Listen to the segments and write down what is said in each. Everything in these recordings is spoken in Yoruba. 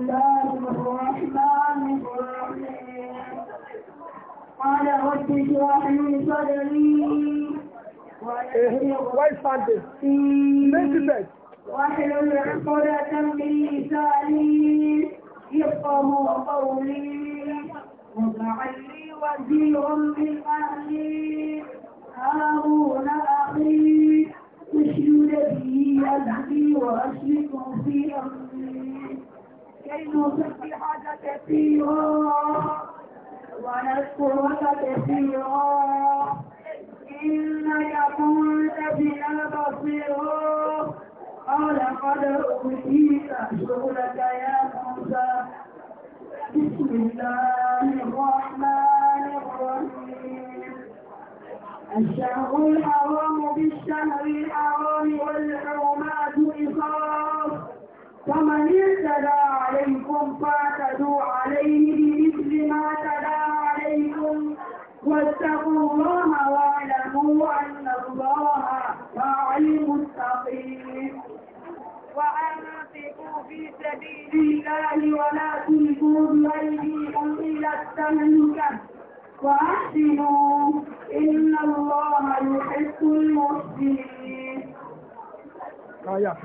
الله الرحمن الرحيم قال رب اشرح لي صدري واحلل عقدة من لساني يفقه قولي واجعل لي وزيرا من اهلي هارون اخي اشدد به اجري واشركه في امري كي نسبحك كثيرا كثيرا قال قد شغلك يا موسى بسم الله الرحمن الرحيم الشهر الحرام بالشهر الحرام والحرمات إصاب فمن اهتدى عليكم فاعتدوا عليه بمثل ما اهتدى عليكم واتقوا الله واعلموا أن الله مع المتقين وأنفقوا في سبيل الله ولا تلقوا بأيديكم إلى التهلكة وأحسنوا إن الله يحب المحسنين. آية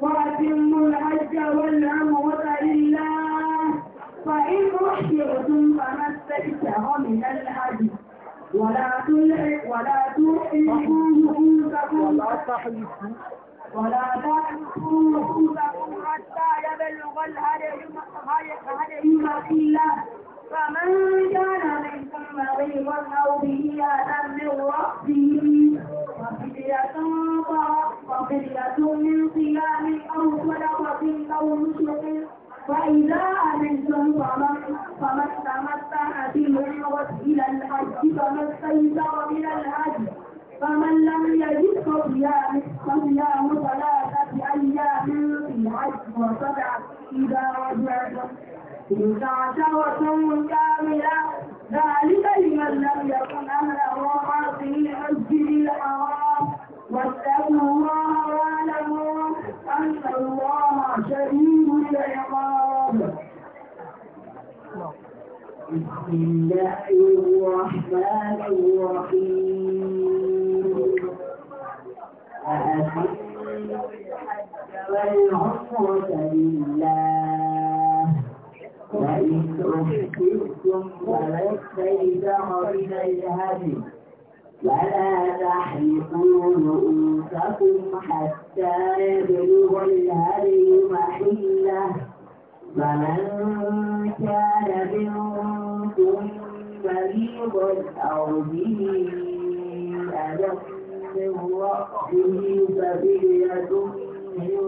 وأتموا الحج والعمرة لله فإن أحيرتم فما استيسر من الهدي ولا تلحق ولا تلحقوا نفوسكم ولا تحلقوا نفوسكم حتى يبلغ الهدي محله فمن كان منكم مريضا أو به أذى من ربه وفدية وفدية من صيام أو صدقة أو نسك فإذا أمنتم فمن فمن تمتع بالعمرة إلى الحج فمن استيسر من الحج فمن لم يجد فصيام فصيام ثلاثة أيام في الحج وسبعة إذا رجعتم تلك عشرة كاملة ذلك لمن لم يكن أهله عاصي المسجد الحرام واتقوا الله واعلموا أن الله شديد العقاب بسم الله الرحمن الرحيم أأتم الحج والعمرة لله وإن أحسستم فما استيسر من الهدي ولا تحرقوا رؤوسكم حتى يبلغ الهدي محله فمن كان منكم مريضا أو به أذى من رأسه ففدية من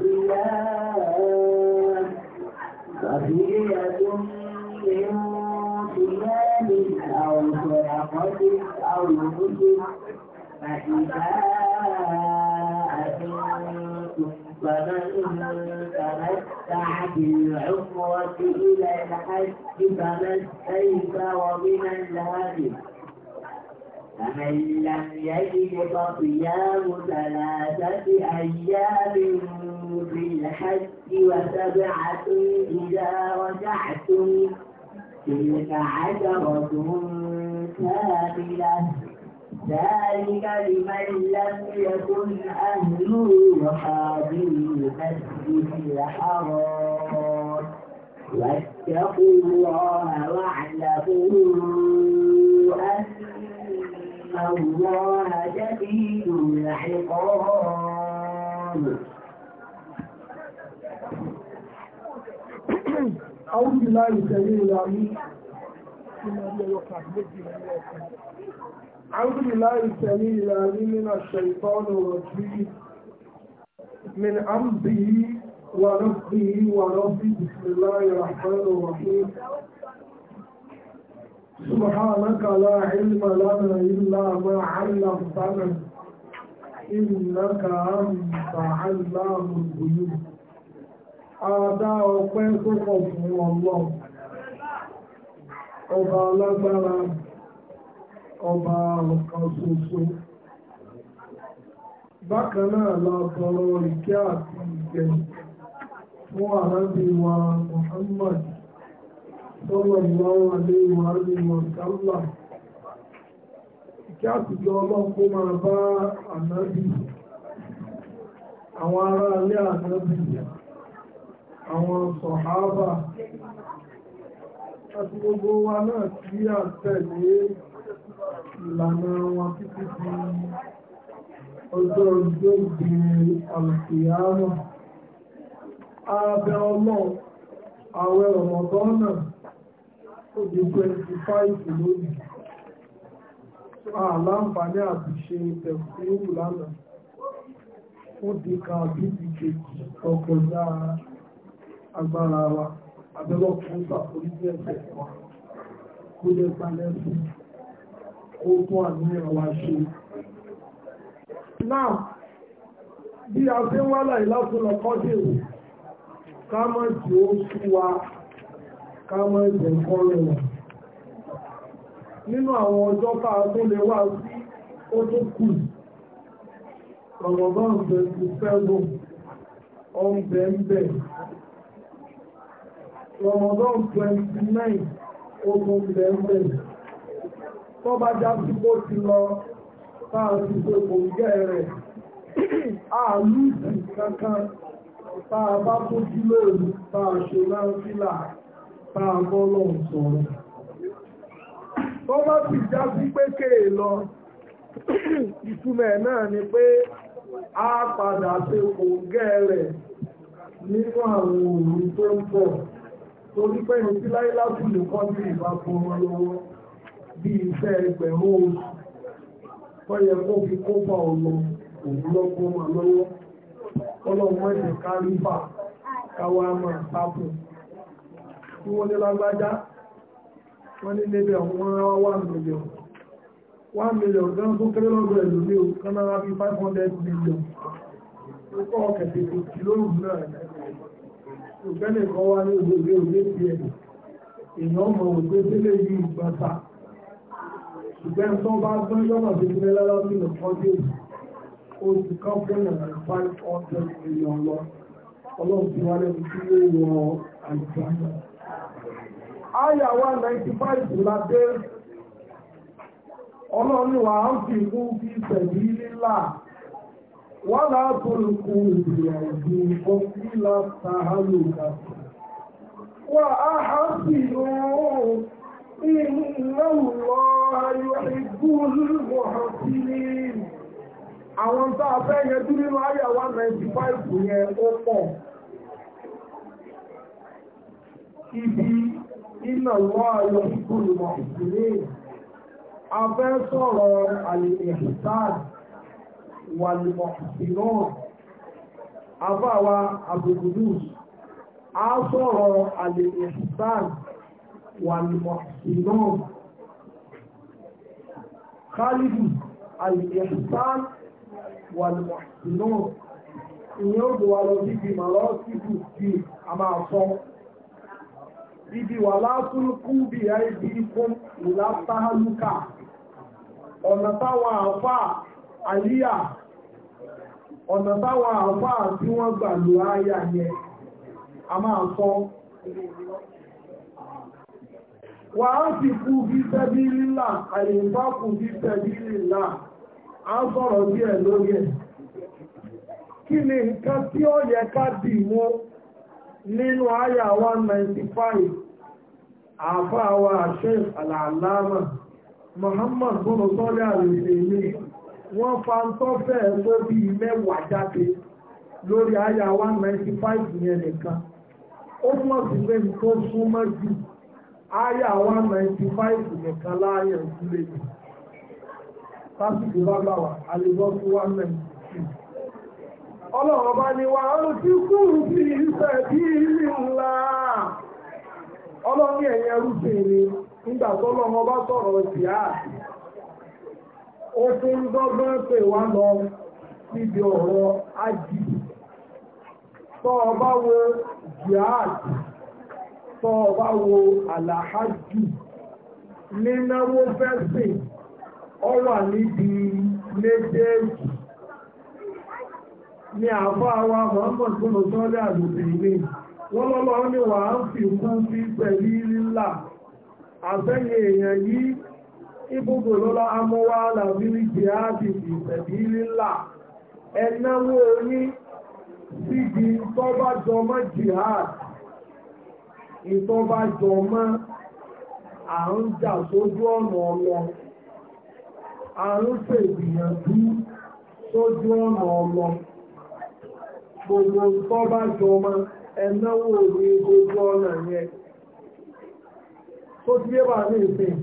صيام قبيلة من كلاب أو صدقة أو نسك فإذا أتيتم فمن تمتع بالعمرة إلى الحج فما استيسر من الهدي فمن لم يجد فصيام ثلاثة أيام في الحج وسبعة إذا رجعتم تلك عشرة كاملة ذلك لمن لم يكن أهله حاضر المسجد الحرام واتقوا الله واعلموا أن الله شديد العقاب أعوذ بالله السميع العليم أعوذ بالله السميع العليم من الشيطان الرجيم من أمره ونفسه ونفسه بسم الله الرحمن الرحيم سبحانك لا علم لنا إلا ما علمتنا إنك أنت علام الغيوب Adá ọpẹ́ tó pọ̀ fún ọlọ́run, ọba alágbára, ọba ọ̀kan ṣoṣo. Bákan la wa Muhammad صلى الله عليه وآله وسلم kí àtìjọ ọlọ́run kó máa bá ànábì àwọn ará alẹ́ ànábì àwọn sọ̀hábà àti gbogbo wa náà tí a tẹ̀lé ìlànà wọn títí di ọjọ́ ìjọ ìgbé alùpùpù ààbẹ̀ ọlọ́run àwẹ̀ ọ̀mọ̀tọ́ náà ó di twenty five lónìí àláǹfààní àtúnṣe tẹ̀kùnrù lánàá ó di kan bíbí kejì ọkọjá agbára wa abẹ́lọ́ fún sàforíjì ẹ̀sẹ̀ wa kó lè balẹ̀ sí kó tún àníyàn wa ṣe. náà bí a fi ń wá láì dèrò ká má jù ó sú wa. ká mọ́ ìjẹ̀ nǹkan rẹwà nínú àwọn ọjọ́ tá a tó lè wá sí ó tó kù rọ̀mọ̀bọ́n twenty seven ọ̀nbẹ̀ǹbẹ̀ rọ̀mọ̀bọ́n twenty nine ogun bẹ̀ǹbẹ̀ tó bá já sí bó ti lọ tá a ti pé kò gẹ́ rẹ̀ àlùsì kankan tá a bá tó dúró tá a ṣe láńfìlà bá bọ́lọ̀ sọ̀rọ̀ tó bá ti já sí pé kéè e lọ ìtumẹ̀ náà ni pé a padà ṣe kò gẹ́rẹ̀ nínú àwọn òru tó ń bọ̀ torí pé ní sí láyé látùlù kọ́ ní ìbáfún wọn lọ́wọ́ bí iṣẹ́ ẹgbẹ̀rún oṣù tó yẹ kó fi kó bá ọlọ òun lọ́gbọ́n wọn lọ́wọ́ ọlọ́run mọ́jẹ̀ kárí bà tí wọ́n ní lágbájá wọ́n ní lébẹ̀ wọ́n rán wá mílíọ̀n wá mílíọ̀n gan tó kéré lọ́dọ̀ ẹ̀lú ní òkan náà bí 500 mílíọ̀n tó kọ́ ọ̀kẹ̀tẹ̀ tó kì lóòrùn náà ògbẹ́nì kan wá ní òwe òwe ti ẹ̀ èèyàn mọ̀ òwe sílé yìí gbàtà ṣùgbọ́n tó bá gbọ́n yọ̀nà tó kéré lọ́dọ̀ sí ọdún oṣù kan fún ìrìnà 500 mílíọ̀n lọ ọlọ́run ti wá lẹ́nu tí ó wọ àìsàn náà ayawa 195 lábẹ́ ọlọ́niwà ń fi mú bí ìṣẹ̀lú nílà wọ́n láàbò lùkù ìrìnàjò ọkùnlá sàhálò kàtà wà á há sí lóòrùn ìnáwó ayọ̀ ìgbóhùn ọ̀hún àwọn tó afẹ́ yẹn dúró nínú àyà nínà lọ́ ayọ̀ ìgbòlùmọ̀ ìpínlẹ̀ afẹ́ sọ̀rọ̀ al-ihsan wal-muhsinun afáwa abdulkudus a sọ̀rọ̀ al-ihsan wal-muhsinun khalidu al-ihsan wal-muhsinun ìyẹn ó dùn wà lọ sí ìgbìmọ̀ lọ sí ìgbìmọ̀ a máa sọ ibi wà látúrúkú bí i ibi ikún ọ̀nà táwọn àfáà àríyà ọ̀nà táwọn àfáà tí wọ́n gbà lò áyà yẹn a máa sọ wà á sì kú bí tẹ́bí lílà kú bí tẹ́bí lílà a sọ̀rọ̀ lórí ẹ̀ kí ni nǹkan tí ó yẹ ká dì mú 195 àáfàá wa sheikh alàlámà muhammad bọ́lọ̀ sọ́lẹ̀ àrùsèmí wọ́n fa ń tọ́fẹ́ tó bí mẹ́wàá jáde lórí àyà 195 yẹn nìkan ó mọ̀ sí pé tó súnmọ́ jù àyà 195 nìkan láàyè ìdílé jù sásìkò bá bá wà àlejò sí 196 ọlọ́run bá ní wa ọlọ́run tí kúrú sí ìfẹ́ bí ìlú ńlá ọlọ́run ẹ̀yẹ rúbèrè nígbà bá sọ̀rọ̀ sí à ó tún ń pè wá lọ síbi ọ̀rọ̀ ájì tọ́ ọ bá wo jihad tọ́ ọ bá wo àlàájì nínáwó fẹ́sìn ọ níbi méjèèjì ni àfọ́ wọ́n lọ́lọ́ ní wà á fi kún sí pẹ̀lú lílà àfẹ́yìn èèyàn yìí ibùdó lọ́lá amọ́wá làbílì jihadi fi pẹ̀lú lílà ẹ̀náwó oní síbi tọ́bá jọmọ́ jihad ìtọ́bá jọmọ́ à ń jà sójú ọ̀nà ọlọ à ń ṣègbìyànjú sójú ọ̀nà ọlọ gbogbo tọ́bá jọmọ́ ẹ̀náwó ní gbogbo ọ̀nà yẹn tó ti yé bá ní ìsìn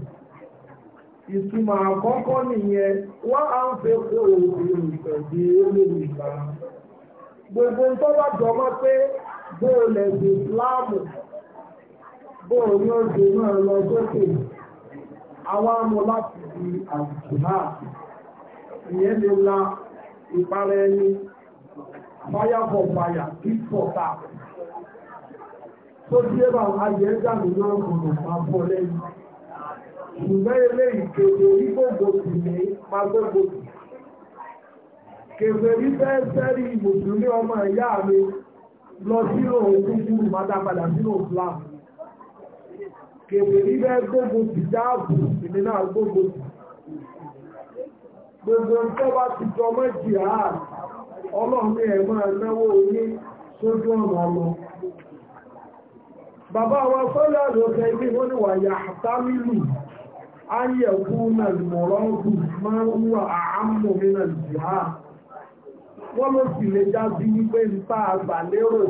ìtumọ̀ àkọ́kọ́ nìyẹn wọ́n á ń fẹ́ kó òògùn gbogbo ń tọ́ba jọmọ́ pé bóòlẹ̀ sí Ìsìláàmù bóòlù ní oṣù náà lọ sókè àwọn amọ̀ láti di fire for fire for tó bí ẹbà ayẹ dànù náà kùnù àbọ̀ lẹ́yìn ṣùgbọ́n ilé ìkéde ìgbògbò sì ní magbégbò sì kèfè rí fẹ́ sẹ́rí mùsùlùmí ọmọ ìyá mi lọ sínú òkú kúrú mádápadà sínú Islam kèfè rí fẹ́ gbogbo sì dáàbò ìní náà gbogbo sì gbogbo nǹkan bá ti jọ méjì ààrùn ọlọ́run ẹ̀ máa náwó orí sójú ọ̀nà ọlọ́run bàbá wa sọ́lá àlọ́sẹ̀ ilé wọ́n ni wà yà àtàmìlù ayẹ̀kú na lùmọ̀rọ́gù máa ń wà àámù nínà jìhá wọ́n ló sì lè já sí wípé ń bá àgbà lérò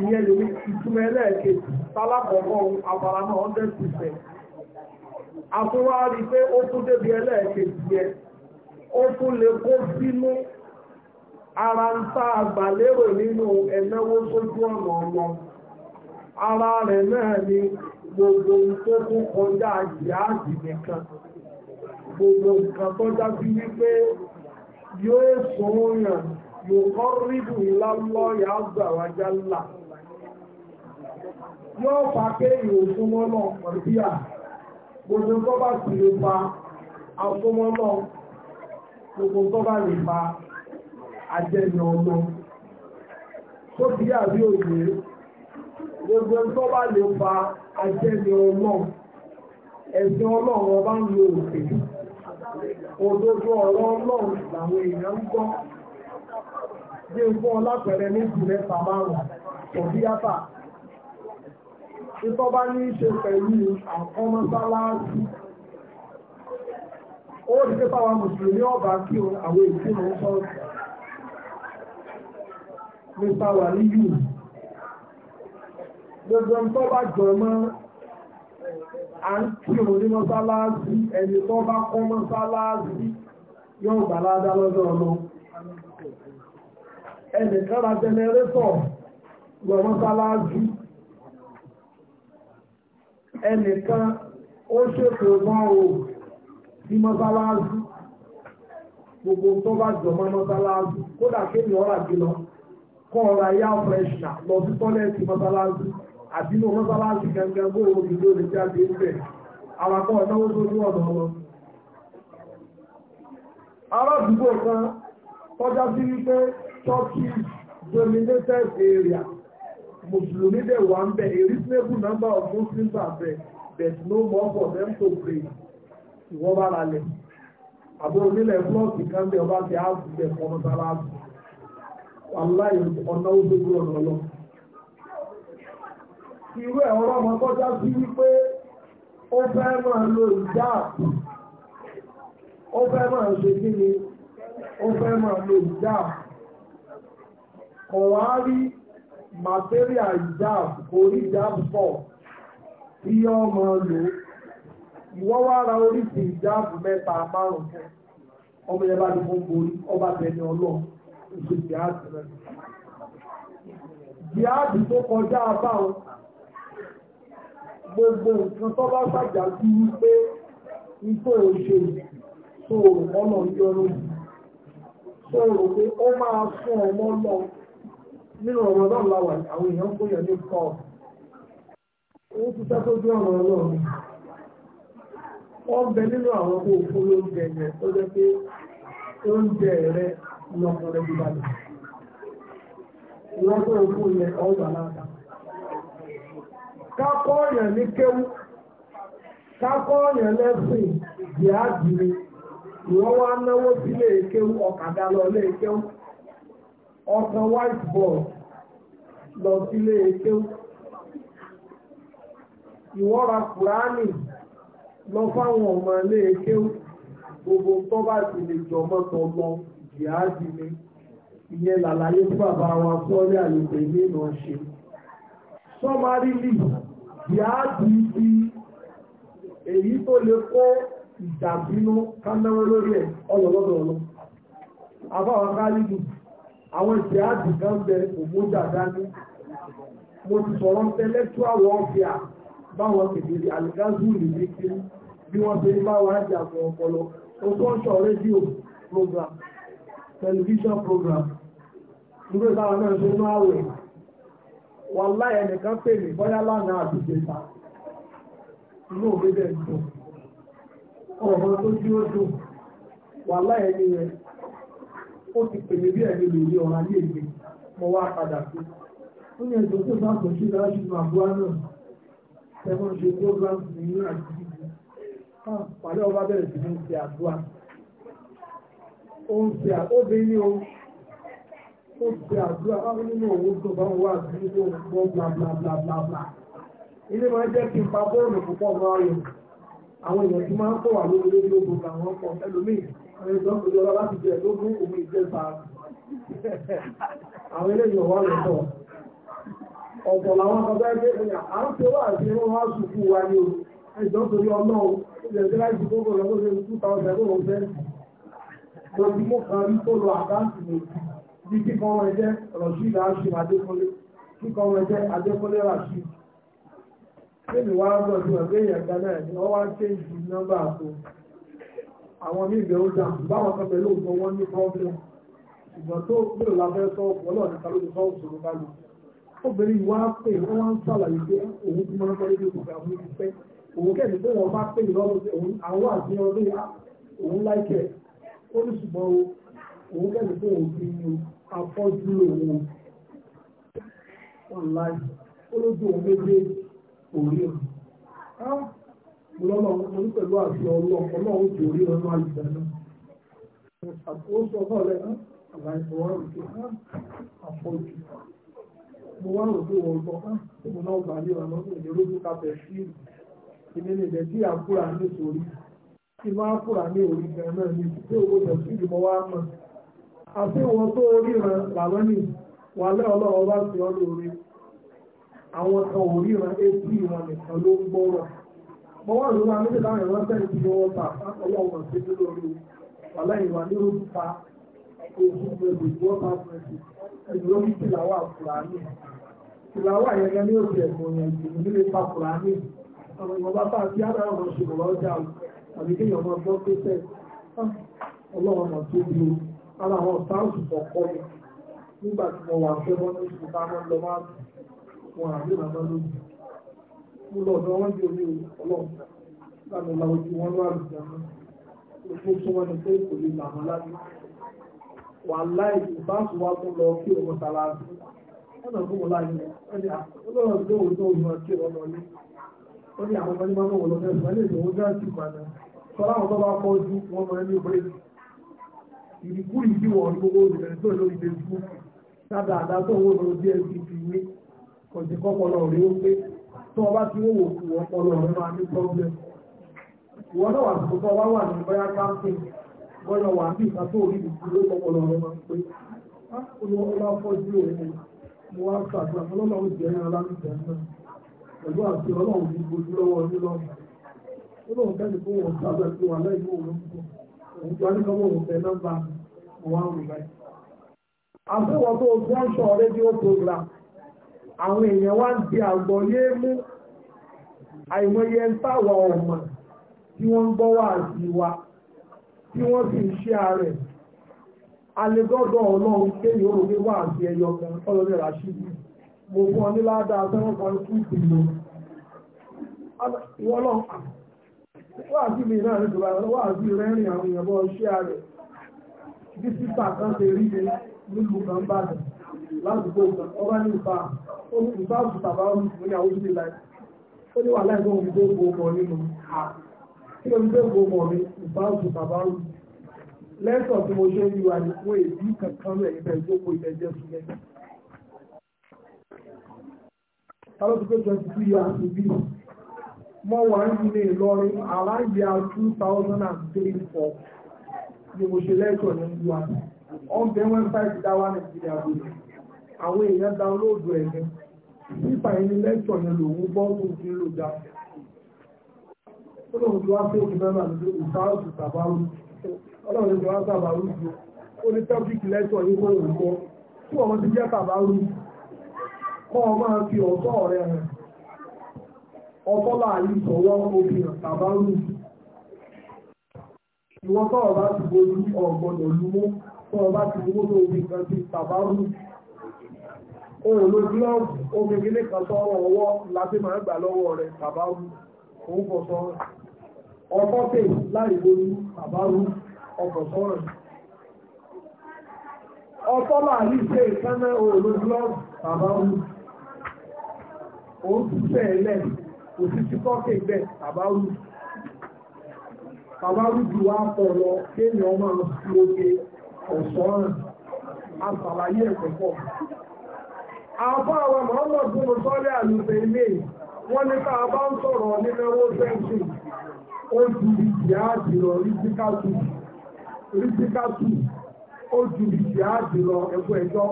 ìyẹn lè ìtumọ̀ ẹlẹ́ẹ̀kejì tálákọ̀ọ́kọ́ abala náà hundred percent àtúwárí pé ó tún débi ẹlẹ́ẹ̀kejì yẹn ó tún lè kó sínú ara ń tá àgbà lérò nínú ẹ̀náwó sójú ọ̀nà ọlọ́run ara rẹ̀ náà ni gbogbo tó tún kọjá ìyáàdì nìkan gbogbo nǹkan tó dájú wípé yóò sọ́ọ̀yàn yóò kọ́ rídù ìlàlọ́ ìyáàgbà wájá ńlá yóò fa pé ìwòsúnmọ́lọ̀ pẹ̀lúbíà gbogbo tó bá sì lè fa asúnmọ́lọ̀ gbogbo tó bá lè fa ajẹ́yàn ọmọ tó bí òye gbogbo tó bá lè fa ajẹ́ni ọlọ́run ẹ̀sìn ọlọ́run ọba ń lo òfin òdodo ọ̀rọ̀ ọlọ́run làwọn èèyàn ń gbọ́ bí n fún ọ lápẹẹrẹ méjì mẹ́ta márùn-ún tọ̀bí yàtà ìtọ́ bá ní í ṣe pẹ̀lú àkọ́mọ́sáláàsì ó ti pé táwa mùsùlùmí ọba kí àwọn èsì ń sọ́ọ̀tì mr waliyu gbogbo ń tọ́ bá jọ mọ́ à ń kírun ní mọ́sálásí ẹni tó bá kọ́ mọ́sálásí yóò gbà ládá lọ́dọ̀ ọ̀nà ẹni kára jẹnẹrétọ̀ lọ mọ́sálásí ẹnìkan ó ṣètò mọ́rò sí mọ́sálásí gbogbo tó bá jọ mọ́ mọ́sálásí kódà kéèyàn ọ̀rà jùlọ kọ́ ọ̀rà yá fẹ́ṣà lọ sí tọ́lẹ̀tì mọ́sálásí àbínú mọ́sálásí gangan bó omi ló lè jáde ń bẹ̀ awakọ̀ ọ̀dọ́wó sójú ọ̀nà lọ. aládùúgbò kan tọ́já sí wípé turkey dominated area mùsùlùmí dẹ̀ wà ń bẹ̀ a reasonable number of muslims are there but no more for them to pray ìwọ́n bá ra lẹ̀ àbúrò nílẹ̀ flọ́ọ̀sì kan bẹ̀ ọba ti áàbù bẹ̀ fọ́ mọ́sálásí wàláì ọ̀nà ó sójú ọ̀nà lọ irú ẹ̀wọ̀n ọmọ kọjá sí wípé ó fẹ́ máa lo ìjáàbù ó fẹ́ máa ṣe kí ni ó fẹ́ máa lo ìjáàbù kọ̀ wá rí màtíríà ìjáàbù orí ìjáàbù pọ̀ tí yọ́ máa lò ìwọ́ wá ra oríṣi ìjáàbù mẹ́ta márùn-ún fún ọmọ yẹn bá ti fún borí ọba tẹni ọlọ́ọ̀ ìṣèjì àti rẹ̀ jihadi tó kọjá abáwọn gbogbo nǹkan tó bá gbàjà sí wípé ipò òṣè tó ọ̀nà yọrọ tó rò pé ó máa fún ọmọ lọ nínú ọ̀rọ̀ náà láwà àwọn èèyàn ń gbóyàn ní kọ́ ó ti sẹ́ tó ọ̀rọ̀ wọ́n bẹ nínú kákọ́ ọ̀yàn ní kéwú kákọ́ ọ̀yàn lẹ́sìn ìdíájìrì ìwọ́n wá náwó sílé kéwú ọ̀kadà lọ lé kéwú ọ̀sán whiteboard lọ sílé kéwú ìwọ́ra kùránì lọ fáwọn ọmọ ilé kéwú gbogbo tó bá lè jọ mọ́tọ̀ lọ ìdíájìrì ìyẹn làlàyé fún bàbá wa sọ́ọ́lẹ́ àlùfẹ́ nínú ṣe sọmarìlì ìyáàdì ti èyí tó lè kó ìjàmbínú kánáwó lórí ẹ̀ ọlọ́lọ́dọ̀ọ́lọ́ àbáwọn kárídù àwọn ìjìyàdì kan bẹ òmójà dání mo ti sọ̀rọ̀ intellectual warfare báwọn kèdèrè àlìkájú ìlú kiri bí wọ́n ṣe bá wọn àjà fún ọpọlọ oṣù ọ̀ṣọ́ rédíò program television program nígbà táwọn náà ṣe ń máa wẹ̀ wàláhì ẹnìkan pè mí bọ́yá lánàá àdúgbò ta inú òbí bẹ́ẹ̀ dùn ọ̀rọ̀ tó dí ó dùn wàláhì ẹni rẹ̀ ó ti pè mí bí ẹni lè rí ọ̀rọ̀ ayé mi mo wá padà sí ó ní ẹ̀jọ̀ tó bá kò sí láti nu àbúrá náà ẹ̀wọ̀n ṣe program ní àdúgbò náà pàdé ọba bẹ̀rẹ̀ sí ní ṣe àdúrà ó ń ṣe àkóbí ó pe àdúrà báwọn nínú òun dùn báwọn wà bí inú wọn bla bla bla bla bla ilé máa jẹ́ kí n pa bọ́ọ̀lù púpọ̀ máa yọ àwọn èèyàn tí máa ń pọ̀ wà lórí lórí ogun làwọn pọ̀ ẹlòmíì àwọn ìjọ òjò ọlá láti jẹ lógún òun ìjẹta àwọn eléyìí ọwọ́ rẹ̀ pọ̀ ọ̀pọ̀ làwọn ọ̀gá ẹgbẹ́ ìpínlẹ̀ à ń ṣe wà sí wọn wá sùkú wa ní o ìjọ torí ọlọ́ o ilẹ̀ tí láì dìbò kò lọ́wọ́ ṣe two thousand kò lọ́wọ́ fẹ́ mo ti mú kan rí tó lọ àkáǹtì mi bí kíkọ́ wọn jẹ́ rọ̀ṣíd àṣìm adékọ́lé kíkọ́ wọn jẹ́ adékọ́lé rọ̀ṣíd lẹ́nu wá bọ̀ sí ọ̀gbẹ́ ìyàgbá náà ni wọ́n wá change nọ́mbà àpò àwọn míì bẹ̀rù dà báwọn kan pẹ̀lú ògbọ́n wọn ní problem ṣùgbọ́n tó gbèrò lábẹ́ sọ ọ̀pọ̀lọ́ ní kálódé sọ òṣèlú báyìí obìnrin wa pè wọ́n wá ń ṣàlàyé pé òun ti máa ń kọ́lé lóko pé àwọn ìpẹ́ òun kẹ́ni pé wọ́n bá pè lọ́wọ́ sí òun àwọn àti ọdún òun láìkẹ́ ó ní ṣùgbọ́n òun kẹ́lẹ̀ pé òun ti afọ́jú òun online olójú òun méje òrí ọ̀hún. lọ́nà òun pẹ̀lú àti ọlọ́ọ̀kọ́ náà ó ti orí ọ̀nà àìsàn náà àtúnṣe ọ̀nà rẹ̀ àbáyọ̀ wà rò pé afọ́jú mo wá rò pé wọ́n gbọ́ mo náà gbà ní ọ̀nà ìdílójú kápẹ́ sí ìdílé ìdẹ́ tí àkúrà nítorí tí máa kúrà ní orí gan náà ní ìdílé owó tẹ̀síìlì mo wá mọ̀. àti wọn tó oríran làwẹ́nì wà lẹ́ ọlọ́run bá ti ọdún orí àwọn kan oríran etí ìran nìkan ló ń gbọ́rọ̀ mọ́ wà ló máa tí ta ọlọ́run sí ní oṣù ta oṣù mẹ́bù tí wọ́n ta fún ẹ̀sìn tìlàwà fúlàní tìlàwà yẹn gan ní ẹ̀gbọ́n yẹn nílé pa fúlàní ara àwọn sáàsù kọ̀ọ̀kọ́ mi nígbà tí mo wà fẹ́ wọ́n ní oṣù tá a máa ń lọ máa wọn àbí màmá lójú mo lọ ọ̀dọ̀ wọn bí omi ọlọ́run láti la ojú wọn lọ àlùjá náà mo tún wọn ni pé kò lè là wọn lájú wà láì ìbáàsù wa tún lọ kí ọmọ tara sí ọ̀nà fún wọn láàyè ẹni ọlọ́run tó wò tó wò kí ọmọ ní ó ní àwọn ọmọ ní máa ń wò lọ mẹ́sàn tó bá kọ́ ojú wọn máa ń ní ìdíkú ìdíwọ̀ gbogbo olùrẹ̀ tó lórí facebook sábà àdásọ̀ owó lọ bí ẹbí ti wé kọ̀jẹ̀ kọ́pọlọ rẹ̀ ó pé tó ọba tí ó wò kú ọpọlọ rẹ̀ máa ní problem ìwọ náà wà tó tọ́ wá wà ní bóyá camping bóyá wà ní ìta tó rí ìdíkú ló kọ́pọlọ rẹ̀ máa ń pé ah, olùwọ́n bá fọ́ sí òun mo wá ṣàdúrà ọlọ́run jẹ́ ẹran lámìjẹ́ náà pẹ̀lú àti ọlọ́run ní gbogbo lọ́wọ́ onílọ́run ó lóun fẹ́ni kó wọn sábẹ́ tó wà lẹ́yìn òun ń bọ̀ ìjọ ní kọ́mọ̀ òfẹ́ nọ́mbà wọn rù rédíò program àwọn èèyàn wá ń di àgbọ̀ yé mú àìmọye ń táwà ọ̀mà tí wọ́n ń gbọ́ wà sí wa tí wọ́n sì ń ṣe ààrẹ alẹ́gọ́dọ̀ ọlọ́run kéyìí ó wáàzí mi náà nítorí àwọn wáàzí rẹ́rìn àwọn èèyàn bọ́ ṣé ààrẹ bí sísà kan ṣe rí mi nílùú kan bá dẹ̀ ládùúgbò kan ọba ní ìfà ó ní ìfà òkúta bá wọn ní àwọn oṣù nílá ó ní wà láìpẹ́ òun tó gbó ọmọ nínú kí ló ń gbé gbó ọmọ mi ìfà òkúta bá wọn lẹ́sọ̀ tí mo ṣe ń yíwa ní fún èdè kankan rẹ̀ ibẹ̀ ìjókòó ilẹ̀ jẹ́ fún yẹn. Tálọ́tù pé twenty two years ago mo wà nílé Ìlọrin aláìyá 2003-4 ni mo ṣe lẹ́jọ̀ ní ìlú àná ọ̀bẹ wẹ́bsáìtì dáwà nke gbòdì àwọn èèyàn dáwọ́lóòdù ẹ̀mí nípa ẹni lẹ́jọ̀ ní lòun bọ́ọ̀lù tí ń lò dá ọlọ́run tó wá sí òkè ìsáàsù ọlọ́run tó wá ju lẹ́jọ̀ ní kó òun tí ti jẹ́ fi ọ̀tọ́ ọ̀rẹ́ rẹ̀ ọtọ́lá àyíṣọwọ́ obìnrin tàbá rù ìwọ́n tọ́rọ bá ti bojú ọ̀gbọ̀dọ̀ lúmọ́ tọ́rọ bá ti lúmọ́ tó obìnrin kan ti tàbá rù ohun ló glove obìnrin kan sọ́rọ̀ ọwọ́ láti máa gbà lọ́wọ́ rẹ̀ tàbá rù òun kò sọ́rọ̀ ọkọ́ tè láì bojú tàbá rù ọkọ̀ sọ́rọ̀ ọtọ́lá àyíṣẹ́ ìkánná ohun ló glove tàbá rù òun ti fẹ́ lẹ́yìn kò sí sí kọ́kẹ́ ìbẹ̀ tàbárù tàbárù jù wá pọ̀ lọ kéèyàn máa ń fi oge ọ̀sọ́ràn àṣàlàyé ẹ̀kọ́ pọ̀ àbá àwọn Muhammad bin sọ́lẹ̀ àlùfẹ́ ilé wọ́n ní ká bá ń sọ̀rọ̀ nínú owó fẹ́ǹsì ó ju ìjìyàjì lọ rísíkàtù rísíkàtù ó ju ìjìyàjì lọ ẹ̀kọ́ ẹjọ́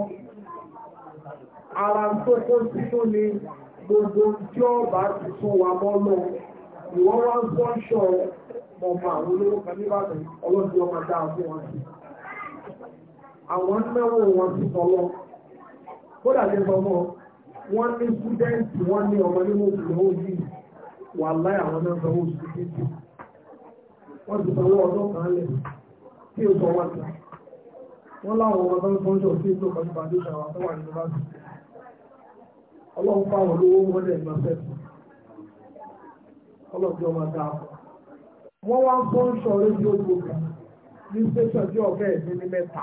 ara tó kó sínú ni gbogbo tí ó bá ti tún wa mọ́ lọ ìwọ́ wá ń sọ ṣọ ọmọ àwọn olówó kan níbàdàn ọlọ́dí ọmọ dáa fún wọn sí àwọn mẹ́wọ̀n wọn sí tọ́lọ́ kódà ní ọmọ wọn ní súdẹ́ǹtì wọn ní ọmọ nínú òkùnrin òbí wà láì àwọn náà sanwó oṣù títí wọ́n ti sanwó ọdún kan lẹ̀ tí ó sọ wọn ta wọ́n láwọn ọmọ tó ń fọ́nṣọ̀ sí ètò kan ní foundation àwọn tó wà ní yunifásitì ọlọ́run fáwọn olówó wọn lè máa fẹ́ fún ọlọ́jọ́ máa dáa fún wọ́n wá ń fọ́ ń sọ rédíò gbogbo ní sẹ́sọ̀ tí ọ̀gá ẹ̀mí ní mẹ́ta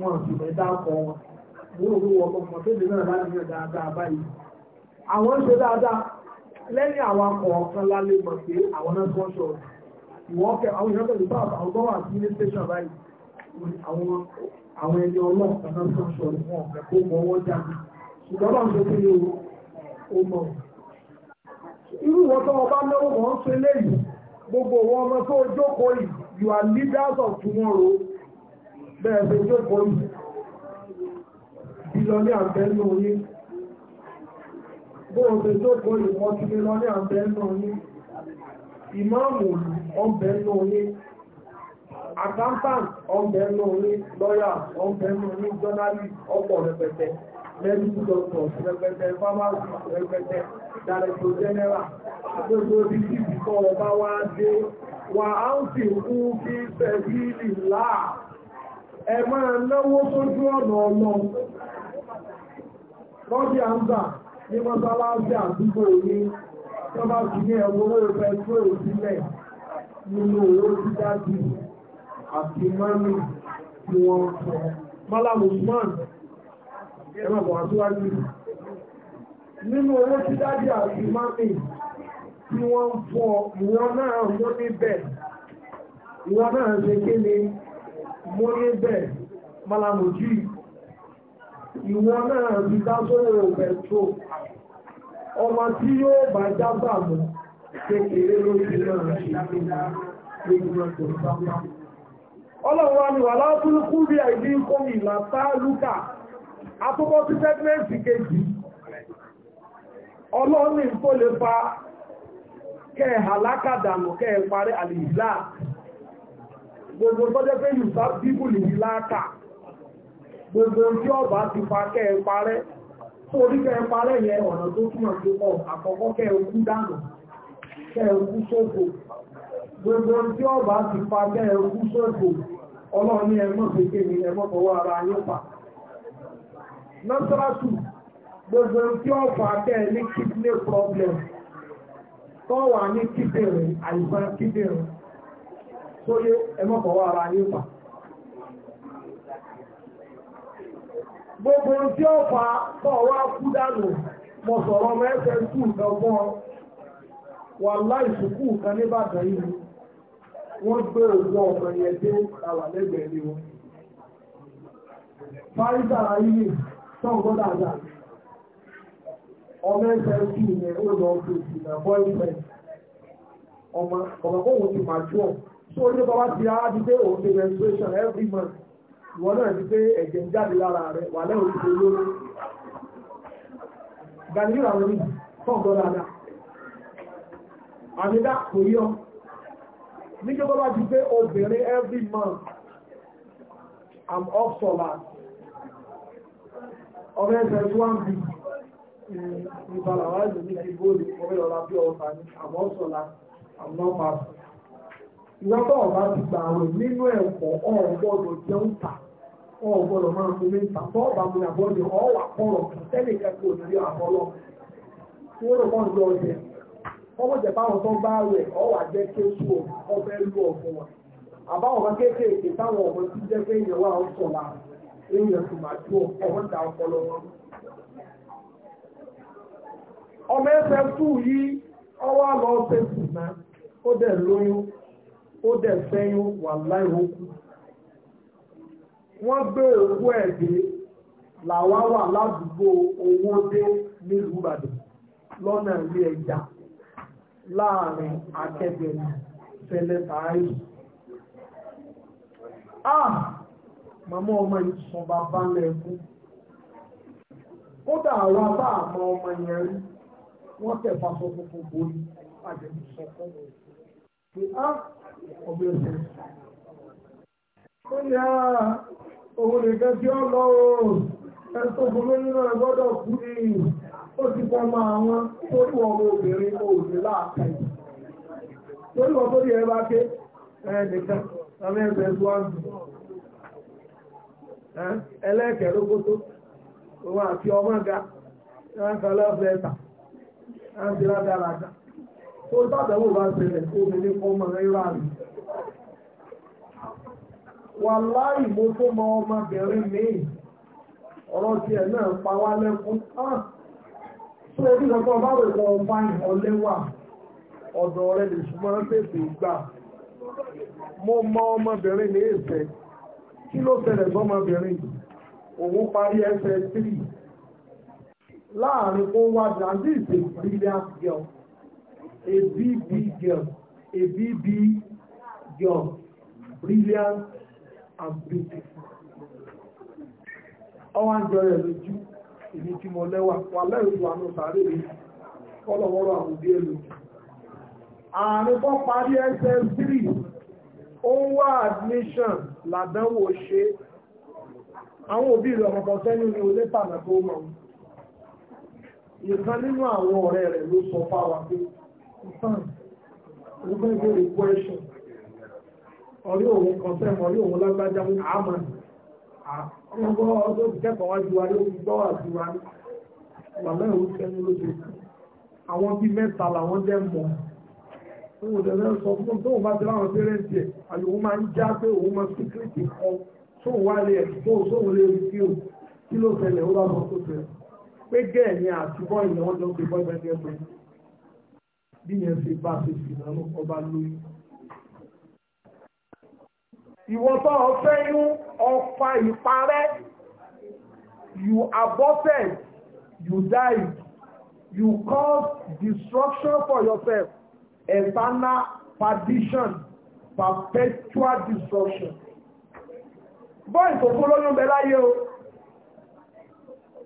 wọn sì lè dá kọ wọn mo rò wọ́n ọmọ tẹ́lẹ̀ náà láti yàn dáadáa báyìí àwọn ṣe dáadáa lẹ́yìn àwọn akọ̀ọ̀kan lálé mọ̀ pé àwọn náà fọ́ sọ ìwọ́kẹ́ àwọn èèyàn pẹ̀lú bá àwọn tó wà sí ní sẹ́sọ̀ báyìí àwọn ẹni ọlọ́ọ̀kan náà fọ́ sọ ìwọ̀n ọ̀fẹ́ kó mọ wọ́n jáde ìjọba ń sọ pé o mọ̀ irú wọn tó ọba náwó wọn ń ṣe léyìí gbogbo wọn ọmọ tó jókòó yìí you are leaders of tomorrow bẹ́ẹ̀ ṣe jókòó yìí ìlọlé àbẹ́nú yín bóò ṣe jókòó ìwọ́n ti lè lọlé àbẹ́nú yín ìmáàmù ọ̀bẹ́nú yín accountant ọ̀bẹ́nú yín lọ́yà ọ̀bẹ́nú yín journalist ọ̀pọ̀ rẹpẹtẹ mẹ́rin dọ́kọ̀ rẹpẹtẹ fámásì rẹpẹtẹ dàrẹ̀tò jẹ́nẹ́rà àtòjò orí sí ìfọ́ ọba wá dé wà á ń fi kú bí sẹ̀bílì láà ẹ máa náwó sójú ọ̀nà ọlọ́ lọ́dí àǹbà ní mọ́sálásí àdúgbò ní tọ́bá sí ní ẹ̀wọ̀n owó pẹ̀tró sílẹ̀ nínú owó dídájú àti mọ́nì tí wọ́n sọ Malam Usman ẹ̀rọ̀bọ̀ àtúwájú nínú owó tí dájí àti mámi tí wọ́n ń fọ́ ìwọ náà mú níbẹ̀ ìwọ náà ṣe kí ni mú níbẹ̀ malamuji ìwọ náà ti dá sórí pẹ̀tró ọmọ tí yóò bá jábà mú kékeré lórí náà ṣe kí ni ọlọ́run wa ni wà látúrú àtúbọ̀ sí sẹ́gmẹ́ǹtì keji ọlọ́rin tó lè fa kẹ́ẹ̀hà lákàdànù kẹ́ẹ̀parí àlèyìlá gbogbo tọ́jẹ́ pé gbogbo nke ọba ti fa kẹ́ẹ̀parẹ́ torí kẹ́ẹ̀parẹ́ yẹn ọ̀nà tó túnmọ̀ tó gbogbo nke ọba ti nọ́sọ́rọ́sù gbogbo tí ó fà kẹ́ ní kidney problem tó wà ní kíndìnrín àìsàn kíndìnrín tó yé ẹmọ́kọ̀wọ́ ara yóò fà. gbogbo tí ó fà tó wá kú dànù mo sọ̀rọ̀ ọmọ ẹsẹ̀ skul kan fún ọ wà láì sùkú kan nìbàdàn yìí wọ́n gbé òkú ọ̀pọ̀ yẹn dé àwàlẹ́gbẹ̀ẹ́ ni wọn. fárísà ayé náà gbọ́ dáadáa ọmọ ẹsẹ̀ sí ìyẹn ó lọ fún ìsìnà boyfriend ọmọ ọmọ kó wọ́n ti mature so ní bàbá ti á di pé òun ti menstruation every month ìwọ náà di pé ẹ̀jẹ̀ ń jáde lára rẹ̀ wà lẹ́yìn òun ti lórí gani yóò àwọn oníbi fún ọ̀dọ́ dáadáa àmìdá kò yọ níjọba bá ti every month I'm off solar ọmọ ẹsẹ̀ tí wọ́n bí ìbára wà lè ní ti bóòlù ọmọ ìlọ́lá bí ọ̀tà ní àmọ́ sọ̀la àmọ́ máa fò. ìwọ́pọ̀ ọ̀bá ti gbà àwẹ̀ nínú ẹ̀kọ́ ọ̀gbọ́dọ̀ jẹun tà ọ̀gbọ́dọ̀ máa fún mi tà tọ́ ọ̀bá mi àbọ̀dọ̀ ọ̀wà kọ̀rọ̀ tẹ́lẹ̀ kẹ́kọ̀ọ́ òṣèré àbọ̀lọ́ ọmọ jẹ báwọn tó bá rẹ̀ ọwà jẹ́ kéṣù ọ̀fẹ́ lú ọ̀fún wa àbáwọn kéékèèké táwọn ọmọ tí jẹ́ pé ìyẹ̀wà ọ̀sọ̀la èèyàn tó máa tó ọwọ́n da ọpọlọ wọn. ọmọ ẹsẹ̀ tù yìí ọwọ́ àlọ́ ṣe sì ná ó dẹ̀ lóyún ó dẹ̀ sẹ́yún wà láì hókù. wọ́n gbé òkú ẹ̀ dé làwa wà ládùúgbò owó dé nílùú Ìbàdàn lọ́nà ilé ẹja láàrin akẹ́gbẹ̀ẹ́ fẹlẹ́ tààrí. Ah! màmá ọmọ yìí sùn bàbá lẹ́kún kódà àwọn bá àmọ́ ọmọ yẹn rí wọ́n tẹ̀fà sọ funfun borí àjẹmí sọ fún mi pé á ọmọ ẹsẹ̀ ó yá òun nìkan tí ó lọ o ẹ̀sọ́ fúnmi náà gbọ́dọ̀ kú ní ó ti fọ́ ọmọ àwọn torí wọn obìnrin òòlù láàkà yìí torí wọn tó di ẹ bá ké ẹ nìkan ọmọ ẹsẹ̀ tó wá ń ẹlẹ́kẹ̀ẹ́rógótó òun àti ọmọ ga ránṣẹ́ lọ́fẹ́ta ránṣẹ́ tó sàdánwò bá tó ní ọmọ rírà rí wà láì mo tó mọ ọmọbìnrin míì ọ̀rọ̀ náà pa wá lẹ́kún tó orí lọ́kọ́ bá rò ọ̀dọ̀ rẹ̀ lè súnmọ́ mo mọ ọmọbìnrin ní kí ló ṣẹlẹ̀ sọ́mọbìnrin òun parí ẹsẹ̀ 3 láàrin kó wá dàbí a brilliant girl a bb girl a bb girl brilliant and beautiful ọwọ́ àjọ rẹ̀ lójú èmi tí mo lẹ́wà wà lẹ́rùn àánú sàárè rí kọ́lọ̀wọ́rọ̀ àwọn òbí èlò ààrin kọ́ parí ẹsẹ̀ 3 ó ń wá admission làdánwò ṣe àwọn òbí rẹ̀ ọ̀pọ̀ sẹ́ni ní olé tàbí tó mọ̀ ìkan nínú àwọn ọ̀rẹ́ rẹ̀ ló sọ fáwa pé ìfàn ìgbẹ́gbẹ́ requestion ọ̀rí òun kan fẹ́ mọ̀ rí òun lágbájá mú àmà àgbọ́ ọdún ìkẹ́kọ̀ọ́ wá ju ayé òun gbọ́ àti wa ní wàlẹ́ òun sẹ́ni lóṣèlú àwọn bíi mẹ́ta làwọn jẹ́ mọ̀ òun ìdẹ̀lẹ́ sọ fún tóun bá ti láwọn pẹ́rẹ́ǹtì ẹ̀ àlòun máa ń já pé òun mọ síkírìtì kan sóun wá lè ẹ̀kọ́ sóun lè rí sí kí ló fẹlẹ̀ ó bá sọ tó fẹ́ pé gẹ́ẹ̀ ni àti bọ́ọ̀lù ni jọ pé bọ́ọ̀lù ẹni ẹgbẹ́ bí yẹn ṣe bá ṣe sì náà ló kọ́ bá lóyún. ìwọ́tọ̀ ọ̀fẹ́ inú ọ̀fà ìparẹ́ you aborted you died you caused destruction for yourself eternal perdition perpetual destruction. bọ́ọ̀lù tó fún lóyún bẹ láyé o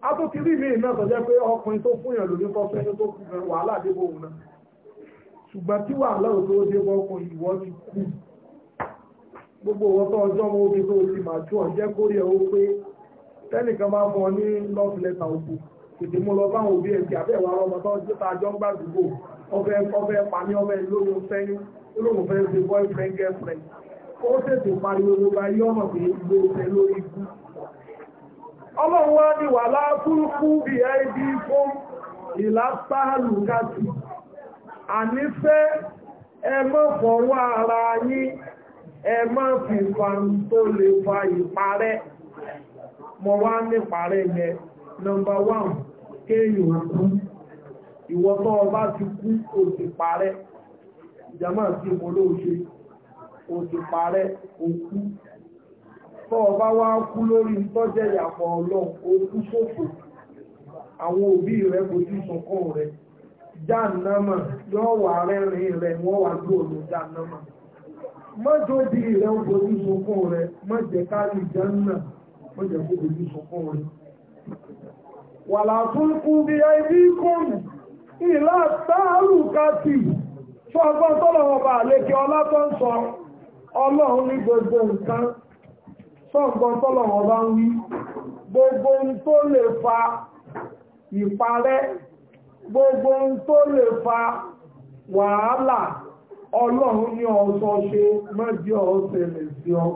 a tó ti rí mi náà tó jẹ́ pé ọkùnrin tó fún yàn lórí kọ́fẹ́ ní tó fún wàhálà débò òun náà ṣùgbọ́n tí wàhálà ò tó débò ọkùnrin ìwọ ti kú gbogbo ọ̀tọ́ ọjọ́ ọmọ obìnrin tó ti màjú ọ̀jẹ́ kórìí ẹ̀ ó pé tẹ́nìkan bá fọ ní love letter tètè mú lọ báwọn òbí ẹ̀kì àbẹ́wà ọmọ tó jẹ́ ta jọ ń gbà dùgbò ọfẹ́ ọfẹ́ pàmí ọfẹ́ lóyún fẹ́yún olóhùn fẹ́ ṣe boyfriend girlfriend ó tètè pariwo gbogbo ayé ọmọ pé gbó fẹ́ lórí ikú ọlọ́run tó lè fa ìparẹ́ mọ̀ wá ní parẹ́ yẹn nọmbà wán kéèyàn kú ìwọ́tọ́ ọba ti kú ó ti parẹ́ ìjàmà sí olóòṣe ó ti parẹ́ òkú tọ́ ọba wá kú lórí tọ́jẹ́ ìyàpọ̀ ọlọ́run òkú ṣòfò àwọn òbí rẹ̀ kò tí sọ̀kọ́ rẹ̀ jáànámà yọ́ wà rẹ́rìn rẹ̀ wọ́n wà ní òòlù jáànámà mọ́jọ́ bí rẹ̀ ń bojú sọ̀kọ́ rẹ̀ mọ́jẹ́ kárí jáànámà mọ́jẹ́ kó bojú sọ̀kọ́ rẹ̀ wàlá fúnkú bí ẹbí kòmù ìlà táàrùkátì fún ọgbọ́n tọ́lọ̀wọ̀ bá lékè ọlá tó ń sọ ọlọ́run ní gbogbo nǹkan sọ́gbọ́n tọ́lọ̀wọ̀ bá ń wí gbogbo ń tó lè fa ìparẹ́ gbogbo ń tó lè fa wàhálà ọlọ́run ní ọ̀sọ́ ṣe mẹ́jọ ọ̀sẹ̀lẹ̀ sí ọ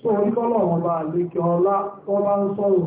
sóhun tọ́lọ̀wọ̀ bá lékè ọlá tó bá ń sọ̀rọ̀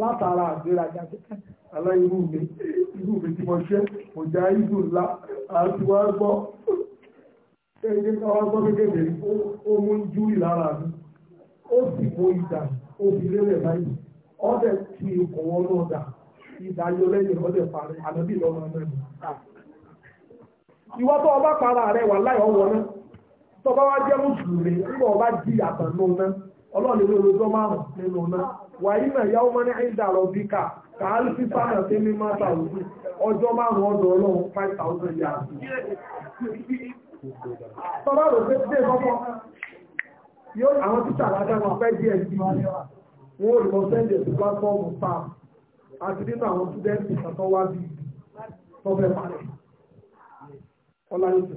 látara àgbéraga kíkẹ́ aláìwú mi irú mi tí mo ṣe mo já ìlú ńlá àti wá gbọ́ ẹgbẹ́ ká ahụ gbọ́ kékeré ó mú júrì lára mi ó sì mú ìdà ó fi lélẹ̀ báyìí ọ̀dẹ̀ tí dà lẹ́yìn ọ̀dẹ̀ parí lọ́nà tó ọba para rẹ wà láì ọwọ́ náà jẹ́ mùsùlùmí nígbà ọba jí náà wàyí náà yá ọmọ ní àìdá bí ká káàlù sí sáànà tí mi máa tàbí ọjọ́ márùn ọdọ̀ ọlọ́run 5,000 yà sí. tọ́lá rò pé kọ́kọ́ yóò àwọn títà pẹ́ díẹ̀ sí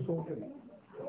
sí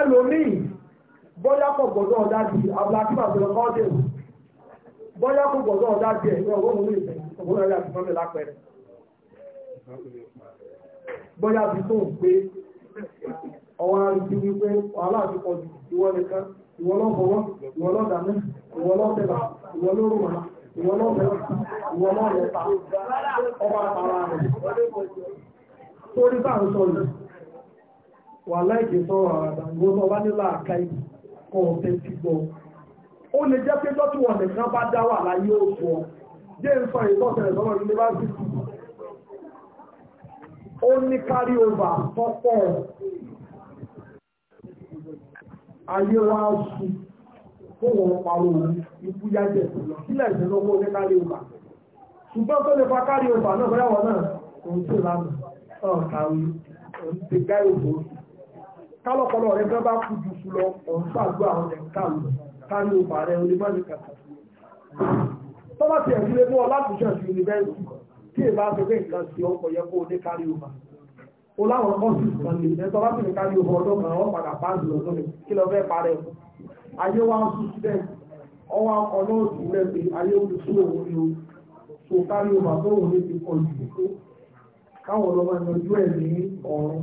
ẹlòmíì bóyá kò gbọ́dọ̀ ọ̀dá di abúlákìmà tó lọ́kọ́ dé o bóyá kò gbọ́dọ̀ ọ̀dá di ẹ̀ ní ọgbọ́n mi ìfẹ́ ọgbọ́n ẹ̀rẹ́ àti mọ́mí lápẹ̀rẹ̀ bóyá ti tó ń pé ọwọ́ arìnrìn wípé wàhálà ti pọ̀ jù ìwọ nìkan ìwọ lọ́fọwọ́ ìwọ lọ́dàmú ìwọ lọ́tẹ̀lá ìwọ lórúmà ìwọ lọ́fẹ̀lá ìwọ lọ́rẹ̀ta ọba àtàrà rẹ̀ torí bá ń sọ yìí wà láìké sọ̀rọ̀ àràdàngbò tó bá nílò àkáì kọ́ ọ̀tẹ́ ti gbọ́. ó lè jẹ́ pé tọ́tù wọn nìkan bá dá wà láyé òkú ọ jẹ́ ń sọ ìtọ́sẹ̀rẹ̀ sọ́rọ̀ yunifásitì ó ní kárí ova tọ́pọ̀ ayé wa sùn fún wọn parọ́ òun ikú yájẹ̀ sílẹ̀ ìṣẹ́lọ́wọ́ ní kárí ova ṣùgbọ́n tó lè fa kárí ova náà fẹ́yàwó náà òun tó lánàá ọ̀kàwé òun ti gáyò bòókì kálọ̀kọ́lọ̀ rẹ̀ bá bá kú jù fún lọ ọ̀hún pàlú àwọn ẹ̀ kálù kálù ọmọ rẹ̀ orí má ní kàkà tó bá ti ẹ̀ sílé mú ọ láti ṣe àti yunifásitì tí è bá fẹ́ nǹkan sí ọkọ̀ yẹ kó o ní kárí ọmọ o láwọn ọkọ̀ sí ìsànlẹ̀ ìfẹ́ tó bá ti ní kárí ọmọ ọdún kan ọ padà bá jùlọ lórí kí lọ fẹ́ parẹ́ ọ ayé wa ń sùn sílẹ̀ ọwọ́ ọkọ̀ náà sì lẹ́sẹ̀ ayé ó sún òun ni o so kárí ọmọ tó òun ní ti kọ jù káwọn ọlọmọ ìyanjú ẹ̀ ní ọ̀run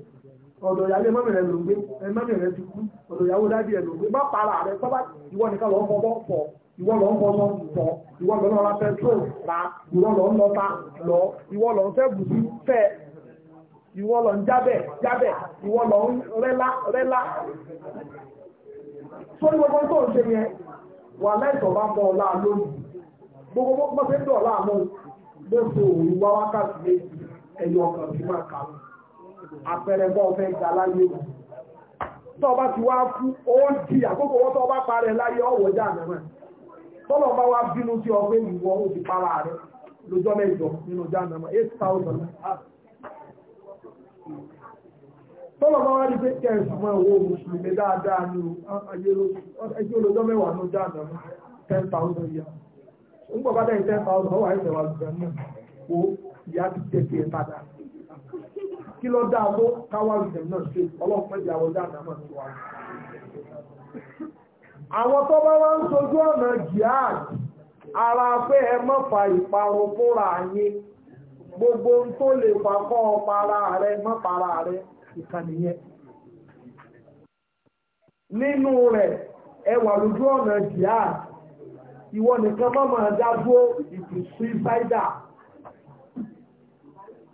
ọ̀dọ̀ ìyálé ló gbé mọ́mìnrin ti kú ọ̀dọ̀ ìyàwó ẹ̀ ló gbé bá para rẹ̀ tọ́ba ìwọ nìkan lọ́ fọ́ fọ́ ìwọ lọ́ fọ́ lọ́ fọ́ ìwọ lọ́ lọ́ra pẹ́trol ra ìwọ lọ́ ń lọ́ta lọ ìwọ lọ́ fẹ́ bùsí fẹ́ ìwọ lọ́ jábẹ̀ jábẹ̀ ìwọ lọ́ ń rẹ́lá rẹ́lá. sórí gbogbo tó ń ṣe yẹn wà lẹ́tọ̀ bá bọ̀ ọ̀la lónìí gbogbo bó àpẹẹrẹ bọ́ ọ̀fẹ́ gbà láyé tó ọba ti wá kú ó di àkókò wọ́n tó ọba parẹ́ láyé ọ̀wọ̀ jà mẹ́mẹ́ tọ́lọ̀ bá wá bínú sí ọgbẹ́ ìwọ ó ti para rẹ lójọ́ mẹ́jọ nínú jà mẹ́mẹ́ eight thousand tọ́lọ̀ bá wá rí pé ó ìyá ti jẹ́ tiẹ̀ padà kí ló dáa tó káwá rìdẹ̀m náà ṣe ọlọ́pàá ìdí àwọn ọjà tó àwọn tó bá wá ń sojú ọ̀nà jihad ara pé ẹ ìparun gbogbo ń tó lè kọ́ ọ para rẹ má para rẹ ìkànnì yẹn. nínú rẹ ẹwà lójú ọ̀nà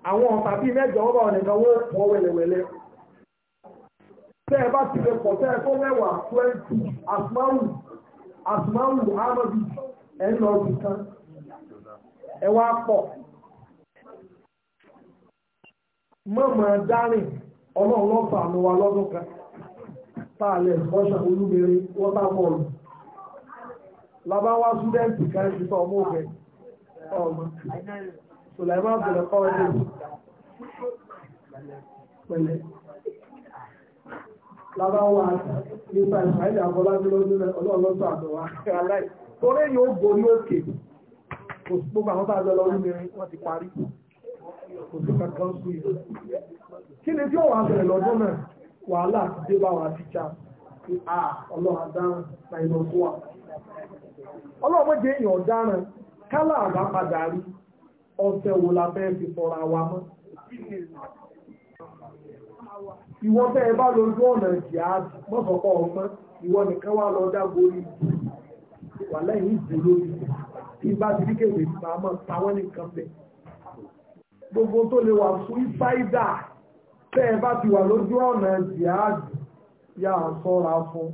àwọn ọ̀tà bíi mẹ́jọ ọba ọ̀nìkan wọ́n pọ̀ wẹ̀lẹ̀wẹ̀lẹ̀ tẹ́ ẹ bá ti lè pọ̀ tẹ́ ẹ tó mẹ́wàá twenty asmaru asmaru amadu ẹ̀ ń lọ ọdún kan ẹ wá pọ̀ mọ̀mọ́ dárìn ọlọ́run ló wa lọ́dún kan táàlẹ̀ ìfọ́ṣà olúbẹ̀rẹ̀ wọ́tàbọ̀ọ̀lù labáwá súdẹ́ǹtì kan ti sọ ọmọ òfẹ́ ọmọ Sùlẹ̀mọ́ bẹ̀rẹ̀ kọ́ ọdún pẹ̀lẹ́. Lábá nípa lọ́dún àdọ̀wà. Kí ni tí ó wà bẹ̀rẹ̀ lọ́dún náà? Wàhálà wa ti Ọlọ́run na Ọlọ́run jẹ́ èèyàn padà rí ọ̀sẹ̀ wo la fẹ́ fi fọra wa mọ́. ìwọ tẹ́ ẹ bá lójú ọ̀nà jihad mọ́sọ̀kọ́ ọmọ ìwọ nìkan wá lọ dágbo orí wà lẹ́yìn ìdè lórí tí bá ti kéwèé pamọ́ táwọn nìkan bẹ̀. gbogbo tó lè wà suicide tẹ́ ẹ bá ti wà lójú ọ̀nà jihad yà á sọ́ra fún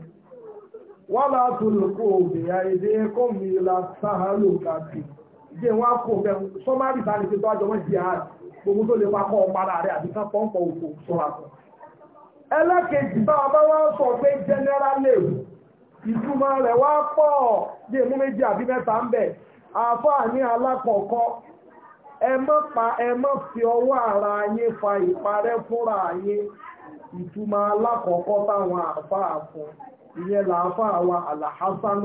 wọ́n láti lè kó òbí àìdè kọ́mi la sáhálò kàkiri. jẹ́ wọn kò bẹ́ sọ́márì bá lè fi tó àjọ wọn di àárẹ̀ gbogbo tó lè wá kọ́ ọ rẹ̀ òfò sọ́ra bá sọ pé general lèwù ìtumọ̀ rẹ̀ wá pọ̀ bí èmú méjì àbí mẹ́ta ń bẹ̀ alákọ̀ọ́kọ́ ẹ pa ẹ fi ọwọ́ ara yín fa ìparẹ́ fúnra yín ìtumọ̀ alákọ̀ọ́kọ́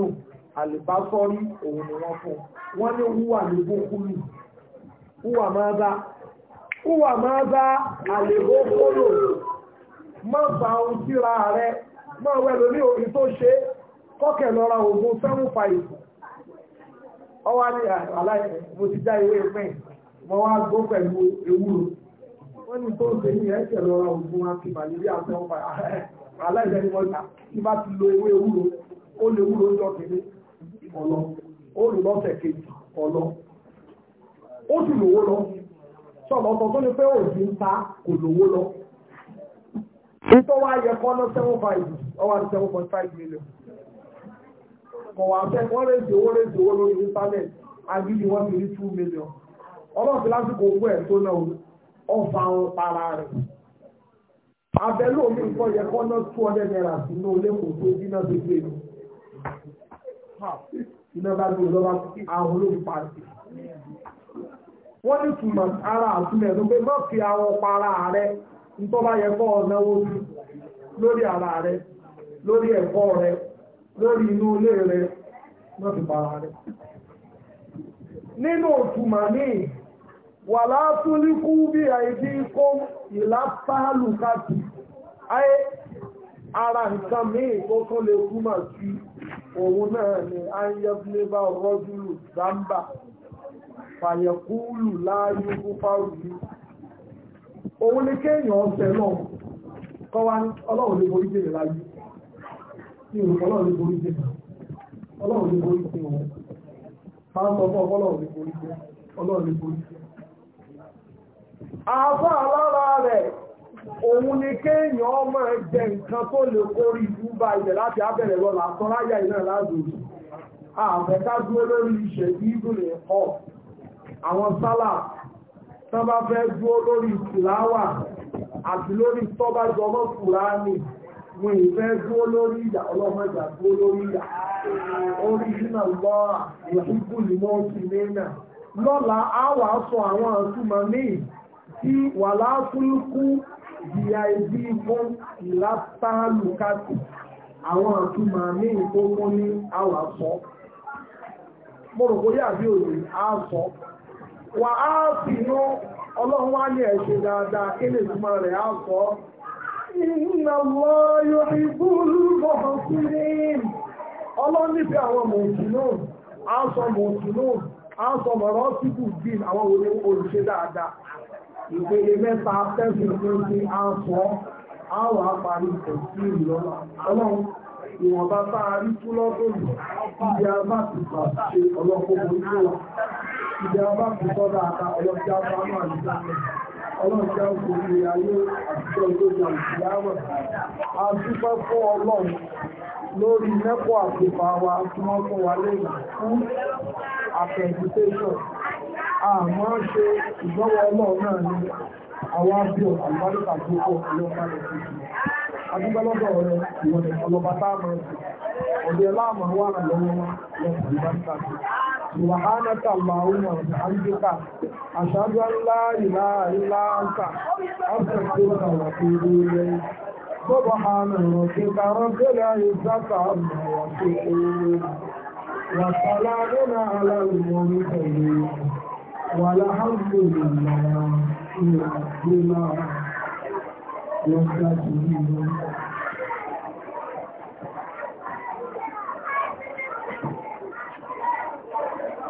àlùbásọ́rí òun ni wọ́n fún wọ́n ní wúwà ní bókúlù wúwà máa bá wúwà máa bá àlèbókúlù má bá ohun síra rẹ má wẹ́lò ní orí tó ṣe kọ́kẹ̀ lọ́ra ogun seven five ọwá ní àláì mo ti já ewé pẹ́ẹ̀ mo wá gbó pẹ̀lú ewúro wọ́n ní tó ṣe ní ẹ̀kẹ̀ lọ́ra ogun àti màlúrí àti ọ̀pá aláìsẹ́ni mọ́ta bá ti lo ewé ewúro ó lè wúro jọ kìíní ọlọ ó lò lọ́sẹ̀ kejì ọlọ ó sì lówó lọ sọ̀rọ̀ ọ̀tọ̀ tó ní pé òsì ń ta kò lówó lọ tó wá yẹ kọ́ ná seven five ọwọ́ àti seven point five million kọ̀ wá fẹ́ wọ́n rèézi owó rèézi owó lórí íńtánẹ́ẹ̀tì agídí wọ́n ti rí two million ọlọ́ọ̀fin lásìkò owó ẹ̀ tó náà ọ̀fà para rẹ̀ abẹ́lómi nǹkan yẹ kọ́ ná two hundred naira sí inú olé kò tó dínà tó gbé ni. iná bá wọ́n ara àtúmọ̀ ẹ̀dùn pé má fi àwọn para ààrẹ nítorí yẹ kọ́ ọ̀nàwó sí lórí ara rẹ lórí ẹ̀kọ́ rẹ lórí inú rẹ má fi para rẹ. nínú òtúmọ̀ míì wà látúlíkú bí àìdí kó ìlápálùkàtì ara nǹkan míì òun náà ni ayébílébá rọ́júlù dámbà fàyẹ̀kúlù láàyè fúfáwùjú òun ni kéèyàn ọ̀sẹ̀ náà kọ́ wá ọlọ́run lè borí jèrè láyé ní òun ọlọ́run lè borí jèrè ọlọ́run lè borí jèrè òun máa ń sọ fún ọlọ́run lè borí jèrè ọlọ́run lè borí jèrè àbá alára òun ni kéèyàn ọmọ ẹgbẹ́ nǹkan tó lè kórí ìdúbà ilẹ̀ láti abẹ̀rẹ̀ lọ́la tọ́láyà iná lázòrò àfẹ́ká dúró lórí ìṣẹ̀bí ìbùnlẹ̀ ọ̀ àwọn sálà tán bá fẹ́ dúró lórí ìtìláwà àti lórí tọ́bá jọmọ́ fúrání wọn ìfẹ́ dúró lórí ìyà ọlọ́mọ ìgbà dúró lórí ìyà orí iná lọ́ ìhìbùnlẹ̀ mọ́ọ̀tì lẹ́nà lọ́la á wàá sọ àwọn àtúmọ̀ míì tí wà láfúrúkú ìyá ibi ikú ìlàtàlùkàtì àwọn àtúmọ̀ ní ìkókó ní àwàsọ́ mọ̀rọ̀kó yà bí òní àásọ wà á fi inú ọlọ́run wá ní ẹ̀ṣẹ̀ dáadáa kí lè túmọ̀ rẹ̀ àásọ iná lọ yóò rí búrúkọ̀ sí ní ọlọ́nífẹ́ àwọn mọ̀tínú àásọ mọ̀tínú àásọ mọ̀rọ̀ ìpele mẹ́ta tẹ́sùn tó ní àṣọ àwọ̀ àparí ìtẹ̀sí ìlọ ọlọ́run ìwọ̀nba bá a rí tú lọ́dọ̀lù ibi abá ti bà ṣe ọlọ́kọ̀ọ́kọ́ tó wà ibi abá ti tọ́ dáadáa ọlọ́jà bá máa ní dáadáa ọlọ́jà kò ní ayé lórí mẹ́kọ́ àgbèfà wa tí wọ́n fún wa lẹ́yìn fún àpẹ̀dìtẹ́sọ̀ àmọ́ ṣe ìgbọ́wọ́ ọlọ́run náà àwọn abíọ̀ àlùbáríkà tó rẹ̀ adúgbọ́lọ́dọ̀ ìwọ̀n tá a mọ̀ ọ̀dẹ láàmú wà lọ́wọ́ wọn lọ́pàá àlùbáríkà tó سبحان ربك رب العزة عما يصفون وسلام على المرسلين والحمد لله رب العالمين